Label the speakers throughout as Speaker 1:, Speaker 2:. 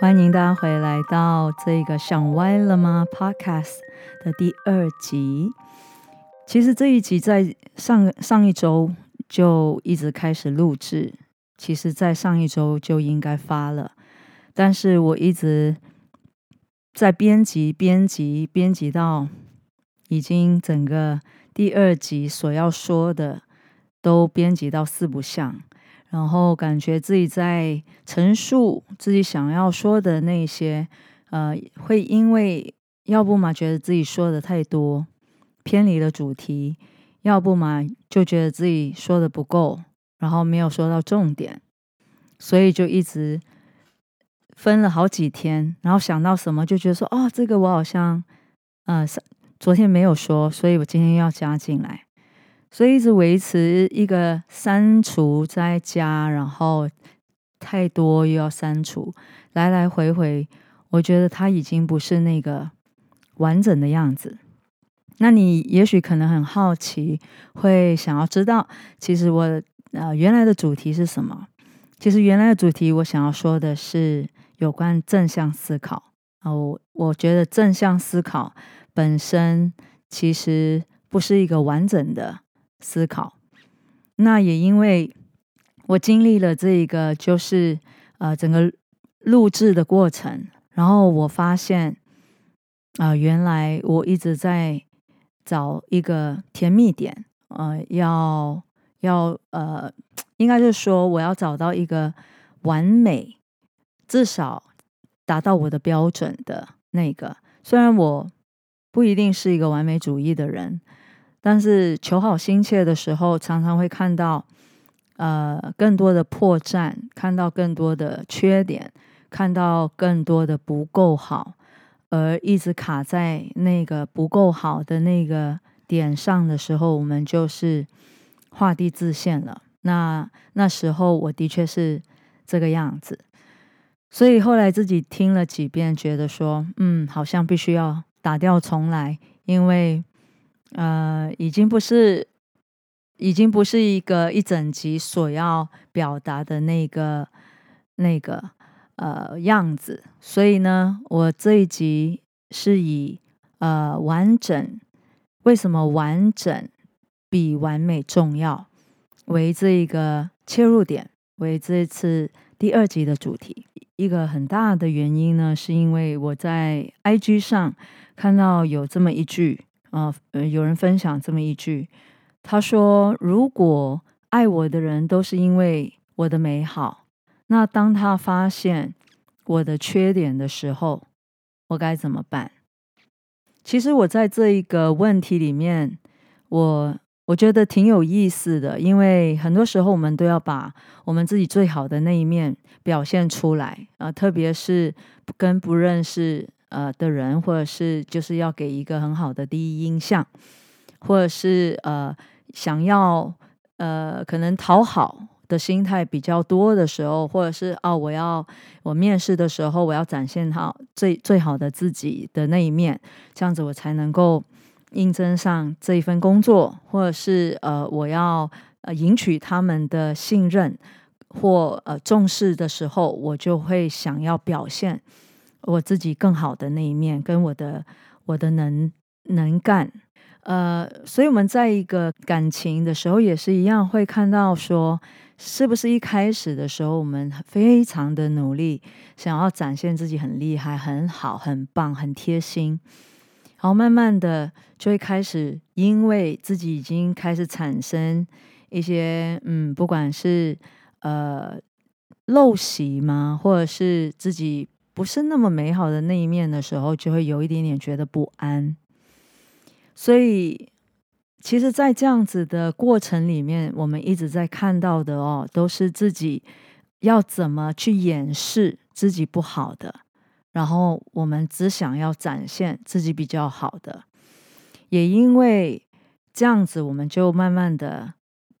Speaker 1: 歡迎大家回來到這個想歪了嗎 Podcast 的第二集。其實這一集在上上一周就一直開始錄製，其實在上一周就應該發了，但是我一直在編輯、編輯、編輯到已經整個第二集所要說的都編輯到四不像。然後感覺自己在陳述自己想要說的那些，呃，會因為要不嘛覺得自己說的太多，偏離了主題；要不嘛就覺得自己說的不夠，然後沒有說到重點，所以就一直分了好幾天。然後想到什麼，就覺得說：“哦，這個我好像，呃，昨天沒有說，所以我今天要加進來。”所以一直維持一個刪除再加，然後太多又要刪除，來來回回，我覺得它已經不是那個完整的樣子。那你也許可能很好奇，會想要知道，其實我呃原來的主題是什麼？其實原來的主題我想要說的是有關正向思考。哦，呃，我覺得正向思考本身其實不是一個完整的。思考，那也因為我經歷了這一個，就是呃整個錄製的過程，然後我發現啊、呃，原來我一直在找一個甜蜜點，呃，要要呃，應該就是說我要找到一個完美，至少達到我的標準的那個。雖然我不一定是一個完美主義的人。但是求好心切的時候，常常會看到呃更多的破綻，看到更多的缺點，看到更多的不夠好，而一直卡在那個不夠好的那個點上的時候，我們就是畫地自限了。那那時候我的確是這個樣子，所以後來自己聽了幾遍，覺得說嗯，好像必須要打掉重來，因為。呃，已經不是，已經不是一個一整集所要表達的那個那個呃樣子，所以呢，我這一集是以呃完整，為什麼完整比完美重要，為這一個切入點，為這次第二集的主題。一個很大的原因呢，是因為我在 IG 上看到有這麼一句。啊、呃，有人分享這麼一句，他說：“如果愛我的人都是因為我的美好，那當他發現我的缺點的時候，我該怎麼辦？”其實我在這一個問題裡面，我我覺得挺有意思的，因為很多時候我們都要把我們自己最好的那一面表現出來啊、呃，特別是跟不認識。呃，的人或者是就是要給一個很好的第一印象，或者是呃想要呃可能討好的心態比較多的時候，或者是啊，我要我面試的時候我要展現好最最好的自己的那一面，這樣子我才能夠應徵上這一份工作，或者是呃我要呃贏取他們的信任或呃重視的時候，我就會想要表現。我自己更好的那一面，跟我的我的能能幹，呃，所以我們在一個感情的時候也是一樣，會看到說，是不是一開始的時候我們非常的努力，想要展現自己很厲害、很好、很棒、很貼心，然後慢慢的就會開始，因為自己已經開始產生一些，嗯，不管是呃陋習嗎，或者是自己。不是那麼美好的那一面的時候，就會有一點點覺得不安。所以，其實，在這樣子的過程裡面，我們一直在看到的哦，都是自己要怎麼去掩飾自己不好的，然後我們只想要展現自己比較好的。也因為這樣子，我們就慢慢的。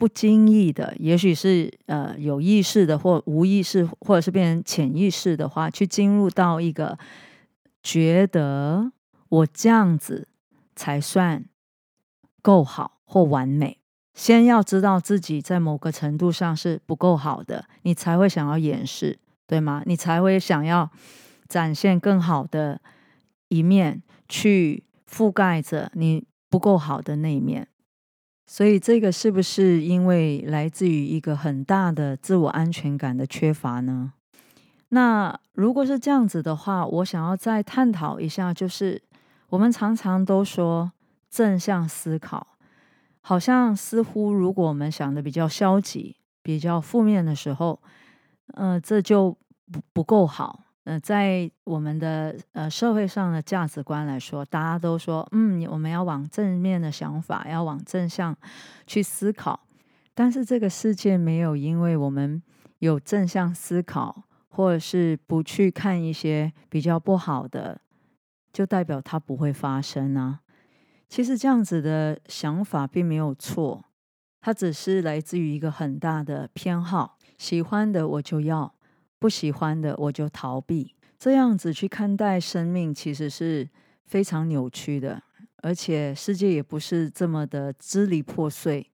Speaker 1: 不經意的，也許是呃有意識的，或無意識，或者是變潛意識的話，去進入到一個覺得我這樣子才算夠好或完美。先要知道自己在某個程度上是不夠好的，你才會想要掩飾，對嗎？你才會想要展現更好的一面，去覆蓋着你不夠好的那一面。所以這個是不是因為來自於一個很大的自我安全感的缺乏呢？那如果是這樣子的話，我想要再探討一下，就是我們常常都說正向思考，好像似乎如果我們想的比較消極、比較負面的時候，呃，這就不不夠好。呃，在我們的呃社會上的價值觀來說，大家都說，嗯，我們要往正面的想法，要往正向去思考。但是這個世界沒有因為我們有正向思考，或者是不去看一些比較不好的，就代表它不會發生啊。其實這樣子的想法並沒有錯，它只是來自於一個很大的偏好，喜歡的我就要。不喜歡的我就逃避，這樣子去看待生命其實是非常扭曲的。而且世界也不是這麼的支離破碎，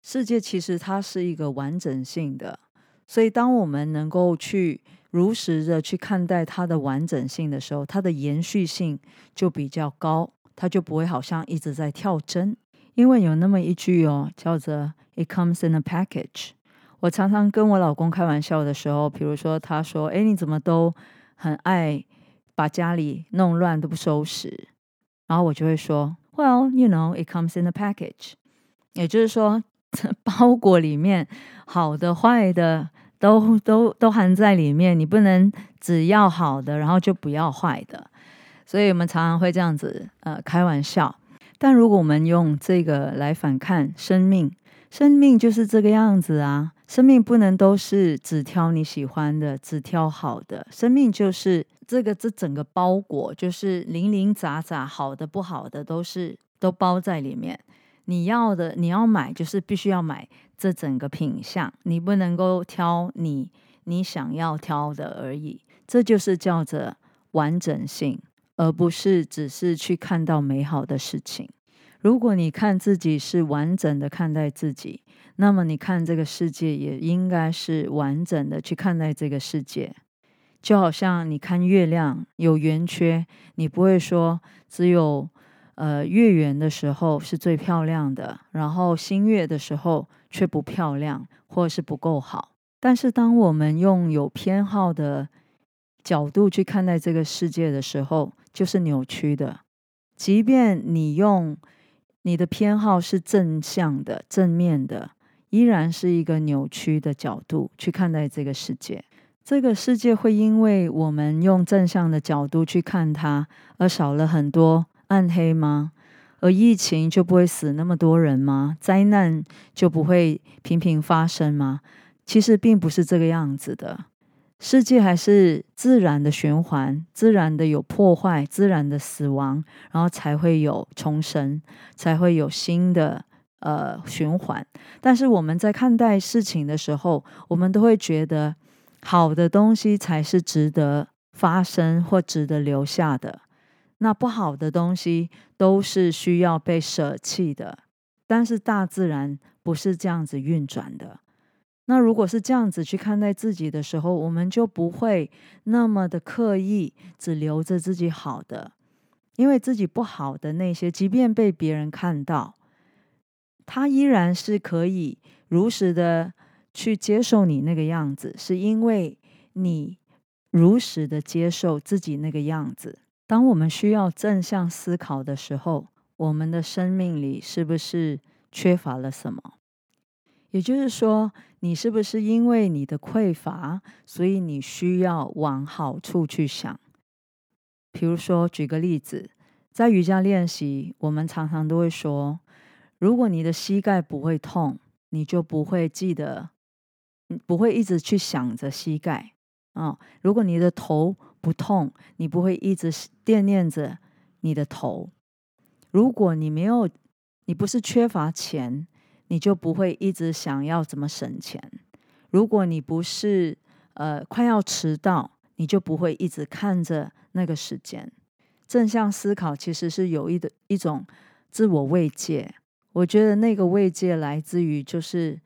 Speaker 1: 世界其實它是一個完整性的。所以當我們能夠去如實的去看待它的完整性的時候，它的延續性就比較高，它就不會好像一直在跳針。因為有那麼一句哦，叫做 “it comes in a package”。我常常跟我老公開玩笑的時候，比如說他說：“哎，你怎麼都很愛把家裡弄亂都不收拾？”然後我就會說：“Well, you know, it comes in a package。”也就是說，包裹裡面好的壞的都都都含在裡面，你不能只要好的，然後就不要壞的。所以我們常常會這樣子呃開玩笑。但如果我們用這個來反看生命，生命就是這個樣子啊。生命不能都是只挑你喜歡的，只挑好的。生命就是這個這整個包裹，就是零零雜雜，好的不好的都是都包在裡面。你要的你要買，就是必須要買這整個品相，你不能夠挑你你想要挑的而已。這就是叫做完整性，而不是只是去看到美好的事情。如果你看自己是完整的看待自己，那麼你看這個世界也應該是完整的去看待這個世界。就好像你看月亮有圓缺，你不會說只有呃月圓的時候是最漂亮的，然後新月的時候卻不漂亮，或是不夠好。但是當我們用有偏好的角度去看待這個世界的時候，就是扭曲的。即便你用。你的偏好是正向的、正面的，依然是一個扭曲的角度去看待這個世界。這個世界會因為我們用正向的角度去看它，而少了很多暗黑嗎？而疫情就不會死那麼多人嗎？災難就不會頻頻發生嗎？其實並不是這個樣子的。世界還是自然的循環，自然的有破壞，自然的死亡，然後才會有重生，才會有新的，呃，循環。但是我們在看待事情的時候，我們都會覺得好的東西才是值得發生或值得留下的，那不好的東西都是需要被捨棄的。但是大自然不是這樣子運轉的。那如果是這樣子去看待自己的時候，我們就不會那麼的刻意只留着自己好的。因為自己不好的那些，即便被別人看到，他依然是可以如實的去接受你那個樣子，是因為你如實的接受自己那個樣子。當我們需要正向思考的時候，我們的生命裡是不是缺乏了什麼？也就是說，你是不是因為你的匱乏，所以你需要往好處去想？比如說，舉個例子，在瑜伽練習，我們常常都會說，如果你的膝蓋不會痛，你就不會記得，不會一直去想着膝蓋。啊、哦，如果你的頭不痛，你不會一直惦念着你的頭。如果你沒有，你不是缺乏錢。你就不會一直想要怎麼省錢。如果你不是呃快要遲到，你就不會一直看着那個時間。正向思考其實是有一的一種自我慰藉，我覺得那個慰藉來自於就是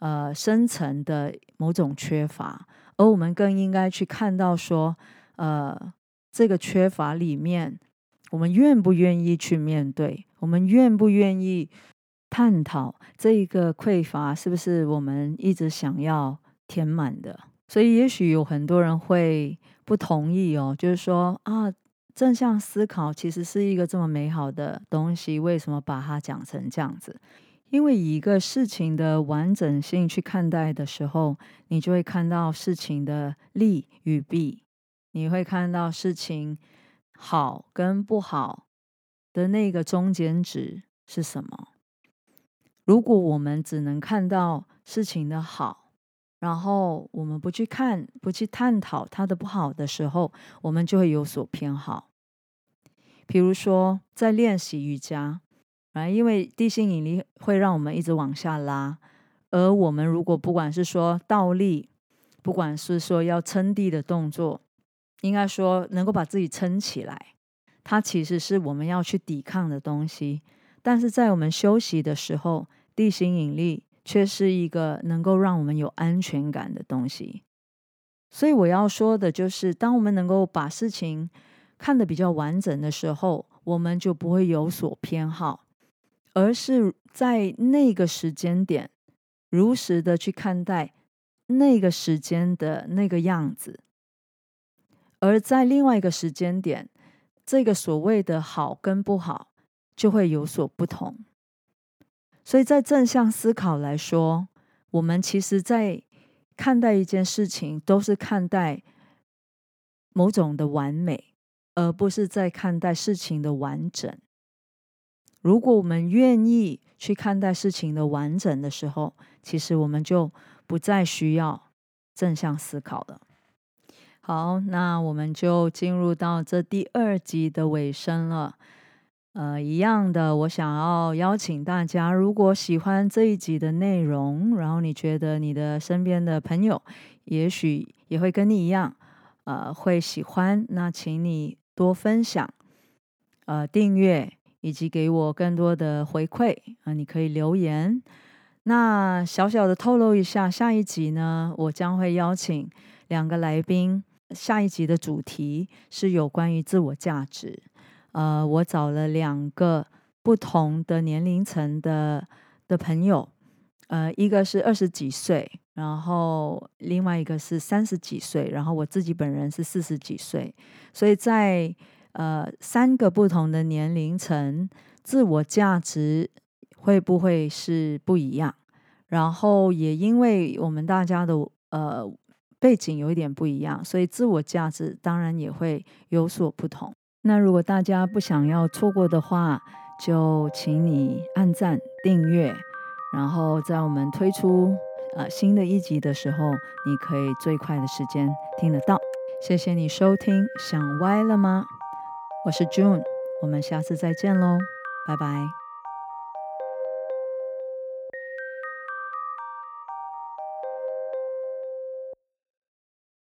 Speaker 1: 呃深層的某種缺乏，而我們更應該去看到說，呃這個缺乏裡面，我們願不願意去面對，我們願不願意。探討這一個匱乏是不是我們一直想要填滿的？所以，也許有很多人會不同意哦。就是說啊，正向思考其實是一個這麼美好的東西，為什麼把它講成這樣子？因為一個事情的完整性去看待的時候，你就會看到事情的利與弊，你會看到事情好跟不好的那個中間值是什麼。如果我們只能看到事情的好，然後我們不去看、不去探討它的不好的時候，我們就會有所偏好。比如說，在練習瑜伽，啊，因為地心引力會讓我們一直往下拉，而我們如果不管是說倒立，不管是說要撐地的動作，應該說能夠把自己撐起來，它其實是我們要去抵抗的東西。但是在我們休息的時候，地心引力卻是一個能夠讓我們有安全感的東西。所以我要說的就是，當我們能夠把事情看得比較完整的時候，我們就不會有所偏好，而是在那個時間點如實的去看待那個時間的那個樣子。而在另外一個時間點，這個所謂的好跟不好，就會有所不同。所以在正向思考來說，我們其實在看待一件事情，都是看待某種的完美，而不是在看待事情的完整。如果我們願意去看待事情的完整的時候，其實我們就不再需要正向思考了。好，那我們就進入到這第二集的尾聲了。呃，一樣的，我想要邀請大家，如果喜歡這一集的內容，然後你覺得你的身邊的朋友也許也會跟你一樣，呃，會喜歡，那請你多分享，呃，訂閱，以及給我更多的回饋啊，呃，你可以留言。那小小的透露一下，下一集呢，我將會邀請兩個來賓，下一集的主題是有關於自我價值。呃，我找了兩個不同的年齡層的的朋友，呃，一個是二十幾歲，然後另外一個是三十幾歲，然後我自己本人是四十幾歲，所以在呃三個不同的年齡層，自我價值會不會是不一樣？然後也因為我們大家的呃背景有一點不一樣，所以自我價值當然也會有所不同。那如果大家不想要錯過的話，就請你按讚、訂閱，然後在我們推出啊、呃、新的一集的時候，你可以最快的時間聽得到。謝謝你收聽，想歪了嗎？我是 June，我們下次再見嘍，拜拜。